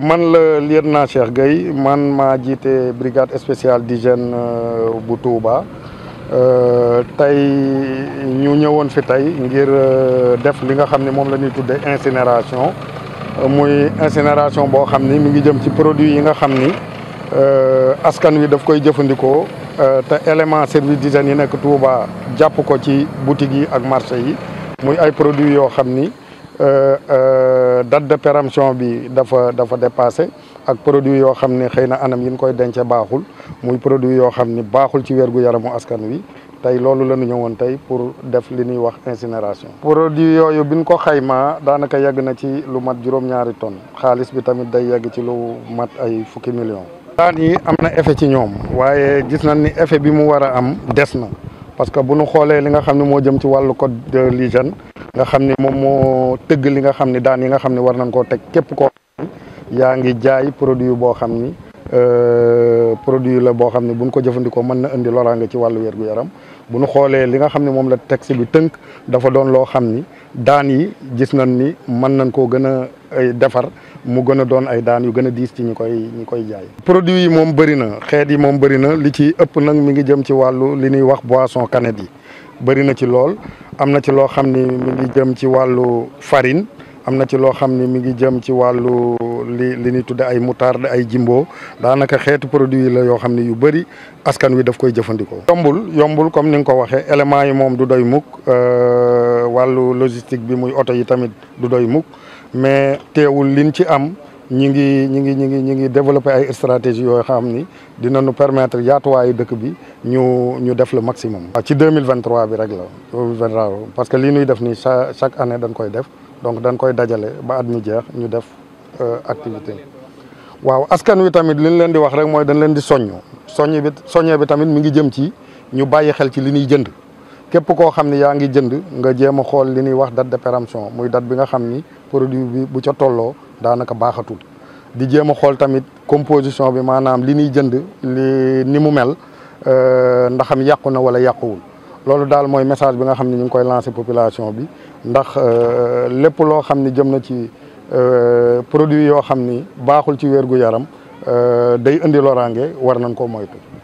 man la na Cheikh Gueye man maa jiite brigade spéciale d'hygiène euh, bu Touba euh, tey ñu ñëwoon fi tey ngir euh, def li nga xam ne moom la ñuy tuddee incinération muy incinération boo xam ni mu ngi jëm ci produit yi nga xam ni askan wi daf koy jëfandikoo te élément service d'hygiène yi nekk Touba jàpp ko ci boutique yi ak marché yi muy ay produits yoo xam ni. date de péremption bi dafa dafa dépassé ak produit yoo xam ne xëy na anam yi nu koy dencee baaxul muy produit yoo xam ni baaxul ci wérgu yaramu askan wi tey loolu la ñu ñëwoon tey pour def li nuy wax incinération. produit yooyu bi ñu ko xaymaa daanaka yegg na ci lu mat juróom-ñaari tonnes xaalis bi tamit day yegg ci lu mat ay fukki millions. daan yi am na effet ci ñoom waaye gis nañ ni effet bi mu war a am des na parce que bu ñu xoolee nga xam ne moo jëm ci wàllu code nga xam ni moom moo tëgg li nga xam ne daan yi nga xam ne war nañ koo teg képp ko xam ne yaa ngi jaay produit boo xam ni euh, produit la boo xam ne buñ ko jëfandikoo mën na indi loraange ci wàllu wér gu yaram bu nu xoolee li nga xam ne moom la si bi tënk dafa doon loo xam ni daan yi gis nañ ni mën nañ koo gën a defar mu gën a doon ay daan yu gën a diis ci ñi koy ñi koy jaay. produit yi moom bëri na xeet yi moom bëri na li ci ëpp nag mi ngi jëm ci wàllu li ñuy wax boison canette yi. bëri na ci lool am na ci loo xam ni mi ngi jëm ci wàllu farine am na ci loo xam ni mi ngi jëm ci wàllu li li ñuy tudde ay moutarde ay jimbo daanaka xeetu produit yi la yoo xam ni yu bëri askan wi daf koy jëfandikoo. yombul yombul comme ni nga ko waxee éléments yi moom du doy mukk euh, wàllu logistique bi muy oto yi tamit du doy mukk mais teewul liñ ci am. ñi ngi ñi ngi ñi ngi ñi ngi développé ay stratégies yoo xam ni dina ñu permettre yaatuwaayu dëkk bi ñu ñu def le maximum. waaw ci deux mille vingt bi rek la deux mille vingt parce que lii ñuy def nii chaque chaque année dañ koy def donc dañ koy dajale ba at mi jeex ñu def euh, activité waaw askan wi tamit li ñu leen di wax rek mooy dañ leen di soññ soññ bi soññee bi tamit mu ngi jëm ci ñu bàyyi xel ci li ñuy jënd képp koo xam ni yaa ngi jënd nga jéem a xool li ñuy wax date de muy date bi nga xam ni produit bi bu ca tolloo. daanaka baaxatul di jéem a xool tamit composition bi maanaam li nuy jënd li ni mu mel euh, ndaxam yàqu na wala yàquwul loolu daal mooy message bi nga xam ne ñu ngi koy lancer population bi ndax euh, lépp loo xam ne jëm na ci euh, produit yoo xam ni baaxul ci wér gu yaram day indi loraange war nañ ko moytu